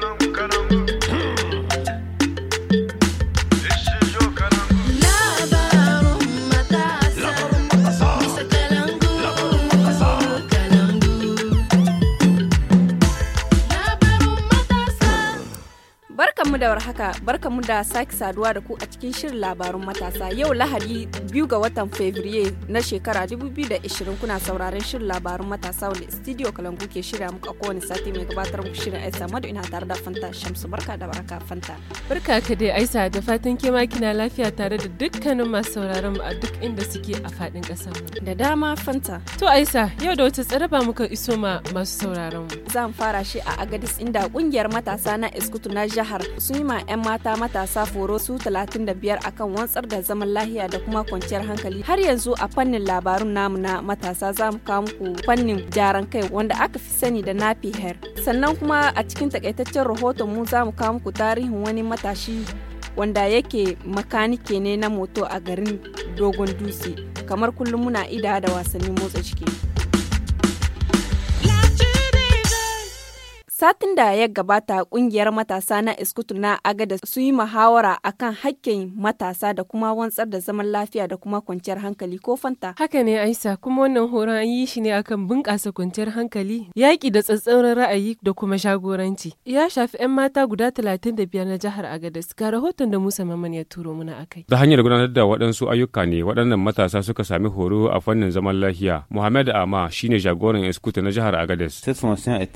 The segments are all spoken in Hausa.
caramba, caramba. da warhaka mu da sake saduwa da ku a cikin shirin labarun matasa yau lahadi biyu ga watan fevrier na shekara 2020 kuna sauraron shirin labarun matasa wanda studio kalangu ke shirya muku a kowane sati mai gabatar muku shirin aisa madu ina tare da fanta shamsu barka da barka fanta barka ka dai aisa da fatan ke ma kina lafiya tare da dukkanin masu sauraron mu a duk inda suke a fadin kasar da dama fanta to aisa yau da wata tsaraba muka iso ma masu sauraron mu zan fara shi a agadis inda kungiyar matasa na iskutu na jihar sun yi ma 'yan mata matasa foro su 35 akan wantsar da zaman lahiya da kuma kwanciyar hankali. Har yanzu a fannin labarun namu na matasa za mu kawo muku fannin jaran kai wanda aka fi sani da nafi her Sannan kuma a cikin takaitaccen rahoton mu za mu kawo muku tarihin wani matashi wanda yake makanike ne na moto a garin dogon dutse kamar kullum muna ida da wasannin motsa jiki. Satin da ya gabata kungiyar matasa na Iskutu na Agada su yi muhawara akan hakkin matasa da kuma wantsar da zaman lafiya da kuma kwanciyar hankali ko fanta. Haka ne Aisa kuma wannan horon an yi shi ne akan bunƙasa kwanciyar hankali, yaƙi da tsatsauran ra'ayi da kuma shagoranci. Ya shafi 'yan mata guda talatin da biyar na jihar agadez Ga rahoton da Musa Maman ya turo muna akai. Da hanyar gudanar da waɗansu ayyuka ne waɗannan matasa suka sami horo a fannin zaman lafiya. Muhammad Ama shine jagoran Iskutu na jihar agadez.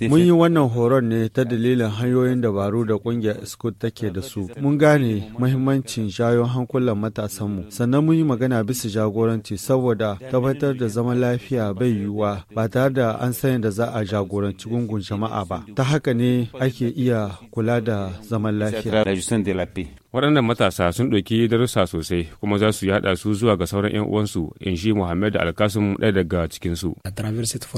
Mun yi wannan horo tsaron ne ta dalilin hanyoyin dabaru da ƙungiyar Scott take da su. Mun gane mahimmancin jayo hankulan matasanmu, sannan mun yi magana bisa jagoranci saboda tabbatar da zaman lafiya bai yiwuwa ba tare da an sani da za a jagoranci gungun jama'a ba. Ta haka ne ake iya kula da zaman lafiya. waɗannan matasa sun ɗauki darussa sosai kuma za su yaɗa su zuwa ga sauran 'yan uwansu in shi muhammad alkasum ɗaya daga cikinsu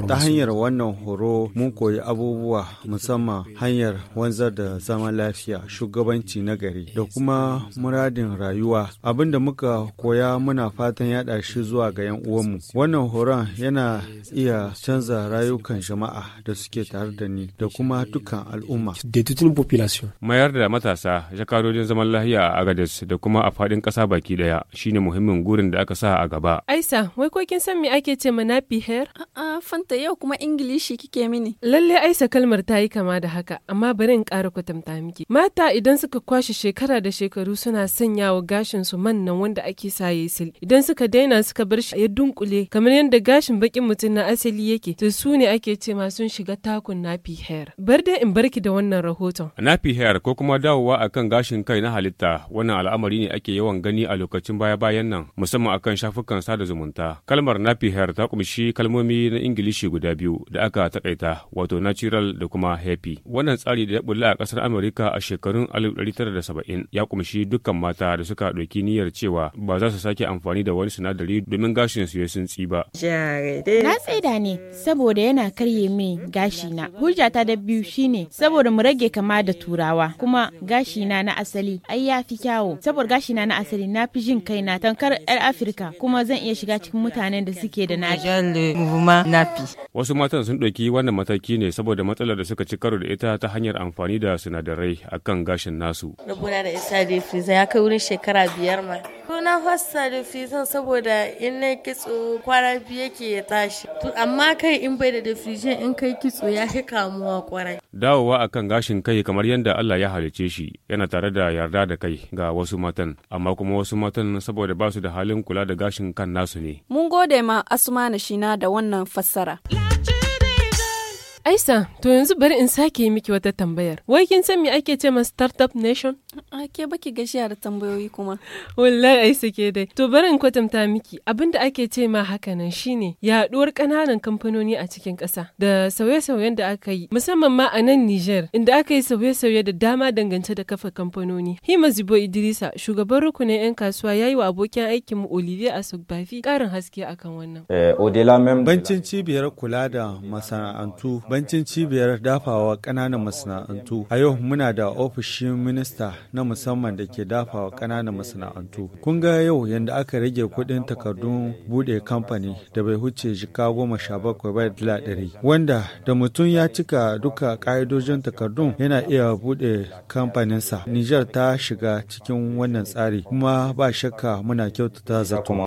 ta hanyar wannan horo mun koyi abubuwa musamman hanyar wanzar da zaman lafiya shugabanci na gari da kuma muradin rayuwa abin da muka koya muna fatan yaɗa shi zuwa ga 'yan uwanmu wannan horon yana iya canza rayukan jama'a da suke tare da ni da kuma dukkan al'umma mayar da matasa jakadodin zaman lafiya nahiya a Agadez da kuma a fadin kasa baki ɗaya shine muhimmin gurin da aka sa a gaba. Aisa, wai ko kin san me ake ce mana hair? A'a, fanta yau kuma Ingilishi kike mini. Lalle Aisa kalmar ta yi kama da haka, amma bari in ƙara kwatanta miki. Mata idan suka kwashe shekara da shekaru suna sanya wa gashin su man nan wanda ake sa yayi sil. Idan suka daina suka bar shi ya dunkule kamar yadda gashin bakin mutum na asali yake, to su ne ake ce ma sun shiga takun nafihar. hair. Bar dai in barki da wannan rahoton. Napi hair ko kuma dawowa akan gashin kai na halitta Twitter wannan al'amari ne ake yawan gani a lokacin baya-bayan nan musamman akan shafukan sada zumunta. Kalmar nappy hair ta kumshi kalmomi na Ingilishi guda biyu da aka takaita wato natural da kuma happy. Wannan tsari da ya bulla a kasar Amerika a shekarun 1970 ya kumshi dukkan mata da suka ɗauki niyyar cewa ba za su sake amfani da wani sinadari domin gashin su ya tsi ba. Na tsaida ne saboda yana karye min gashi na. Hujjata da biyu shine saboda mu rage kama da turawa kuma gashi na na asali ai ya fi kyawo saboda gashi na na asali na fi jin kaina tankar yar afirka kuma zan iya shiga cikin mutanen da suke da nafi wasu matan sun ɗauki wannan mataki ne saboda matsalar da suka ci karo da ita ta hanyar amfani da sinadarai kan gashin nasu rabuna da isa da friza ya kai wurin shekara biyar ma na fasa da fizan saboda in na kitso kwara biyu yake ya tashi amma kai in bai da dafrijin in kai kitso ya fi kamuwa kwarai dawowa akan gashin kai kamar yadda Allah ya halice shi yana tare da yarda da kai ga wasu matan, amma kuma wasu matan saboda ba su da halin kula da gashin kan nasu ne. Mun gode ma Asuma na Shina da wannan fassara. Aisa, to yanzu bari in sake yi miki wata tambayar. Wai kin san me ake ce ma Startup Nation? A ke baki gashiya da tambayoyi kuma. Wallahi Aisa ke dai. To bari in kwatanta miki. abin da ake ce ma haka nan shine yaduwar kananan kamfanoni a cikin ƙasa da sauye-sauyen da aka yi, musamman ma a nan Niger, inda aka yi sauye-sauye da dama dangance da kafa kamfanoni. Hima Zibo Idrisa, shugaban rukunin 'yan kasuwa ya yi wa abokin aikin mu Olivier Asugbafi ƙarin haske akan wannan. Eh, Bancin cibiyar kula da masana'antu abincin cibiyar dafawa ƙananan masana'antu. A yau muna da ofishin minista na musamman da ke dafawa ƙananan masana'antu. Kun ga yau yadda aka rage kuɗin takardun buɗe kamfani da bai huce jika goma sha bakwai ba dala ɗari. Wanda da mutum ya cika duka ƙa'idojin takardun yana iya buɗe kamfaninsa. Nijar ta shiga cikin wannan tsari kuma ba shakka muna kyautata zato.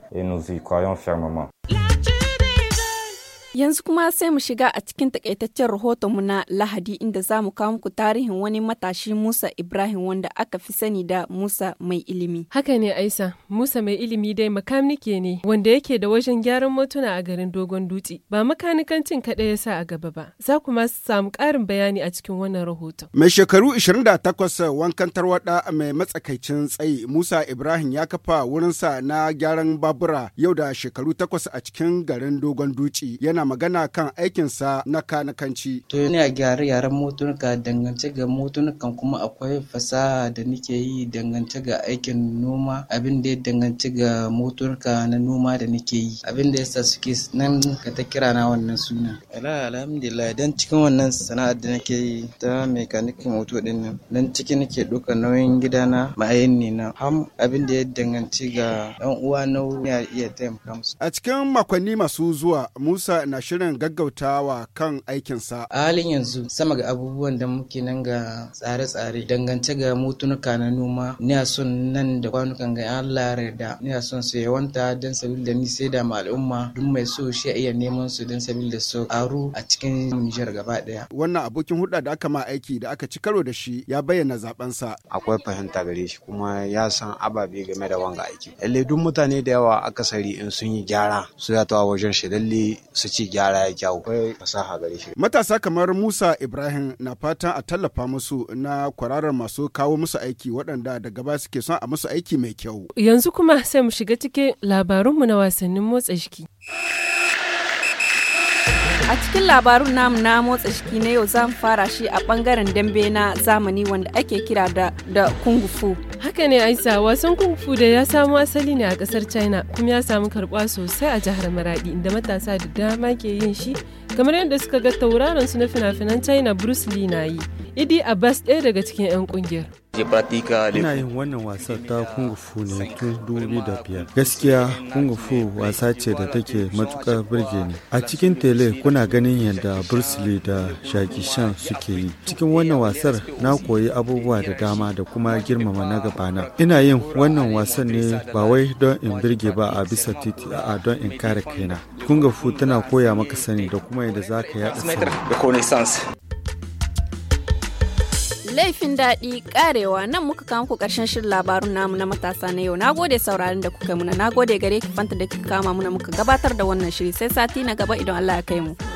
Yanzu kuma sai mu shiga a cikin takaitaccen rahotonmu na Lahadi inda za mu kawo muku tarihin wani matashi Musa Ibrahim wanda aka fi sani da Musa mai ilimi. Haka ne Aisa, Musa mai ilimi dai makanike ne wanda yake da wajen gyaran motuna a garin Dogon Dutse. Ba makanikancin kaɗai ya sa a gaba ba. Za ku ma samu ƙarin bayani a cikin wannan rahoton. Mai shekaru 28 wankan tarwaɗa mai matsakaicin tsayi Musa Ibrahim ya kafa wurinsa na gyaran babura yau da shekaru takwas a cikin garin Dogon Dutse. Yana yana magana kan aikinsa na kanakanci. To a gyara yaren motunuka dangance ga motunukan kuma akwai fasaha da nike yi dangance ga aikin noma abin da ya dangance ga motunuka na noma da nike yi abin da yasa suke nan ka ta kira na wannan suna. Ala alhamdulillah dan cikin wannan sana'ar da nake yi ta mekanikin moto din nan dan ciki nake ɗaukar nauyin gidana ma'ayin ne na ham abin da ya danganci ga ɗan uwa na iya taimaka musu. A cikin makonni masu zuwa Musa na shirin gaggautawa kan aikinsa. a halin yanzu sama ga abubuwan da muke nan ga tsare-tsare dangance ga mutunuka na noma a son nan da kwanukan ga Allah da a son su yawanta don sabil da ni da al'umma duk mai so shi iya neman su don sabil da su aro a cikin Nijar gaba daya. Wannan abokin hulɗa da aka ma aiki da aka ci karo da shi ya bayyana sa. Akwai fahimta gare shi kuma ya san ababe game da wanga aiki. Lalle duk mutane da yawa akasari in sun yi gyara su ya tawa wajen shi lalle su ci ce gyara ya fasaha gare shi matasa kamar Musa Ibrahim na fatan a tallafa musu na kwararar masu kawo musu aiki waɗanda daga gaba suke son a musu aiki mai kyau yanzu kuma sai mu shiga cikin labarunmu na wasannin motsa jiki A cikin labarun namu na motsa jiki na yau zamu fara shi a bangaren dambe na zamani wanda ake kira da, da Haka ne Aisa wasan kung da ya samu asali ne a kasar China kuma ya samu karɓuwa sosai a jihar Maradi inda matasa da dama ke yin shi kamar yadda suka ga tauraron su na fina-finan China Bruce Lee na yi. Idi Abbas ɗaya daga cikin 'yan ƙungiyar. Ina yin wannan wasa ta kung fu ne tun biyar. Gaskiya kung fu wasa ce da take matukar birge ni. A cikin tele kuna ganin yadda Bruce da Shaki Shan suke yi. Cikin wannan wasar na koyi abubuwa da dama da kuma girmama na gabana. Ina yin wannan wasan ne ba wai don in birge ba a bisa titi a don in kare kaina. Kung fu tana koya maka sani da kuma yadda zaka ka yaɗa sani. laifin daɗi ƙarewa nan muka kawo ku ƙarshen shirin labarun namu na matasa na yau na gode sauraron da kuka muna gode gare ki fanta da kika kama muna muka gabatar da wannan shiri sai sati na gaba idan Allah ya kai mu